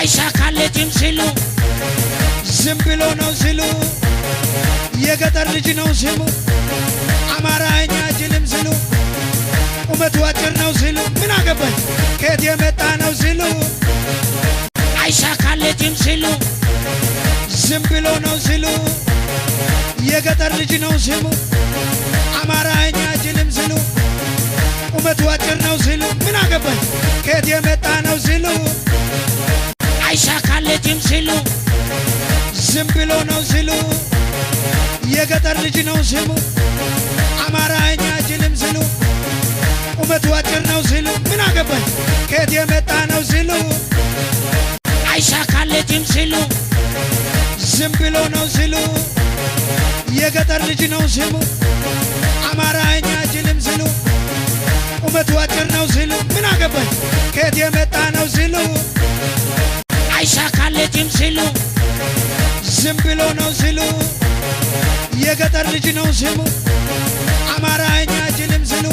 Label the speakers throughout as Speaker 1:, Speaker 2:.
Speaker 1: አይሳካለትም ሲሉ ዝም ብሎ ነው ሲሉ የገጠር ልጅ ነው ስሙ አማርኛ አይችልም ሲሉ ቁመቱ አጭር ነው ሲሉ ምን አገባኝ ከየት የመጣ ነው ሲሉ አይሳካለትም ሲሉ ዝም ብሎ ነው ሲሉ የገጠር ልጅ ነው ስሙ አማርኛ አይችልም ሲሉ ቁመቱ አጭር ነው ሲሉ ምን አገባኝ ከየት የመጣ ነው አልሄድም ሲሉ ዝም ብሎ ነው ሲሉ የገጠር ልጅ ነው ስሙ አማርኛ አይችልም ሲሉ ቁመቱ አጭር ነው ሲሉ ምን አገባኝ ከየት የመጣ ነው ሲሉ አይሳካለችም ሲሉ ዝም ብሎ ነው ሲሉ የገጠር ልጅ ነው ስሙ አማርኛ አይችልም ሲሉ ቁመቱ አጭር ነው ሲሉ ምን አገባኝ ከየት የመጣ አይወድም ሲሉ ዝም ብሎ ነው ሲሉ የገጠር ልጅ ነው ስሙ አማርኛ አይችልም ሲሉ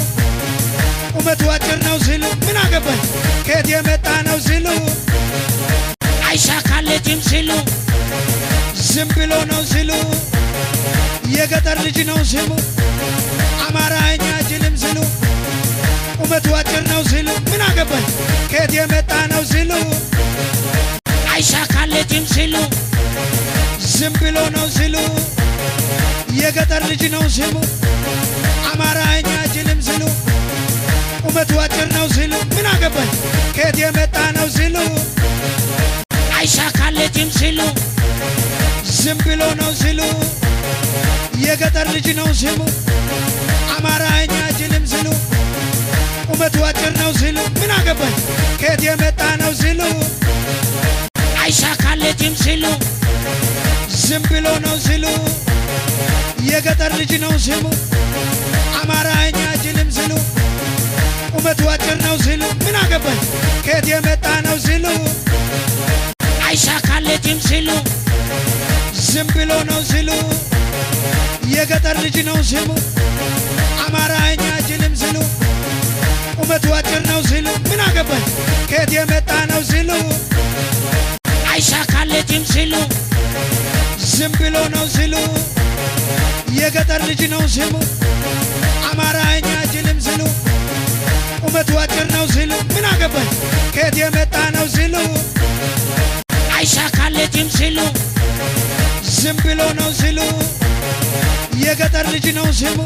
Speaker 1: ቁመቱ አጭር ነው ሲሉ ምን አገባኝ ከየት የመጣ ነው ሲሉ አይሳካለትም ሲሉ ዝም ብሎ ነው ሲሉ የገጠር ልጅ ነው ስሙ አማርኛ አይችልም ሲሉ ቁመቱ አጭር ነው ሲሉ ምን አገባኝ ከየት የመጣ ነው ሲሉ አይሳካ ዝም ብሎ ነው ሲሉ የገጠር ልጅ ነው ስሙ አማርኛ አይችልም ሲሉ ቁመቱ አጭር ነው ሲሉ ምን አገባኝ ከየት የመጣ ነው ሲሉ አይሳካለችም ሲሉ ዝም ብሎ ነው ሲሉ የገጠር ልጅ ነው ስሙ አማርኛ አይችልም ሲሉ ቁመቱ አጭር ነው ሲሉ ምን አገባኝ ከየት የመጣ ነው ሲሉ አይሳካለችም ሲሉ ዝም ብሎ ነው ስሉ የገጠር ልጅ ነው ስሙ አማርኛ አይችልም ሲሉ ቁመቱ አጭር ነው ስሉ ምን አገባኝ ከየት የመጣ ነው ሲሉ አይሳካለትም ሲሉ ዝም ብሎ ነው ስሉ የገጠር ልጅ ነው ስሙ አማርኛ አይችልም ሲሉ ቁመቱ አጭር ነው ስሉ ምን አገባኝ ከየት የመጣ ነው ሲሉ ዝም ብሎ ነው ሲሉ የገጠር ልጅ ነው ስሙ አማርኛ አይችልም ሲሉ ቁመቱ አጭር ነው ሲሉ ምን አገባኝ ከየት የመጣ ነው ሲሉ አይሳካለችም ሲሉ ዝም ብሎ ነው ሲሉ የገጠር ልጅ ነው ስሙ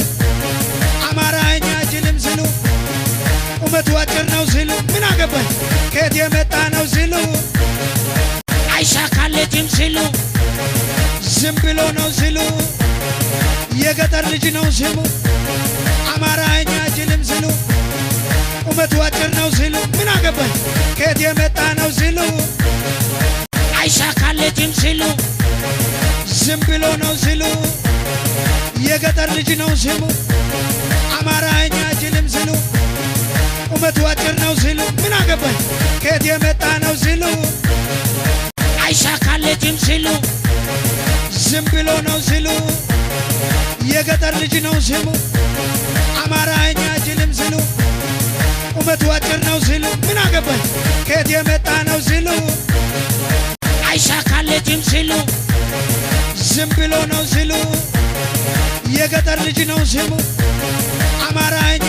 Speaker 1: አማርኛ አይችልም ሲሉ ቁመቱ አጭር ነው ሲሉ ምን አገባኝ ከየት የመጣ ነው ሲሉ አይሳካለችም ሲሉ ዝም ብሎ ነው ሲሉ የገጠር ልጅ ነው ስሙ አማርኛ አይችልም ሲሉ ቁመቱ አጭር ነው ሲሉ ምን አገባኝ ከየት የመጣ ነው ሲሉ አይሳካለችም ሲሉ ዝም ብሎ ነው ሲሉ የገጠር ልጅ ነው ስሙ አማርኛ አይችልም ሲሉ ቁመቱ አጭር ነው ሲሉ ምን አገባኝ ከየት የመጣ ነው ሲሉ አይሳካለችም ሲሉ ዝም ብሎ ነው ሲሉ የገጠር ልጅ ነው ስሙ አማርኛ አይችልም ሲሉ ቁመቱ አጭር ነው ሲሉ ምን አገባኝ ከየት የመጣ ነው ሲሉ አይሳካለችም ሲሉ ዝም ብሎ ነው ሲሉ የገጠር ልጅ ነው ስሙ አማርኛ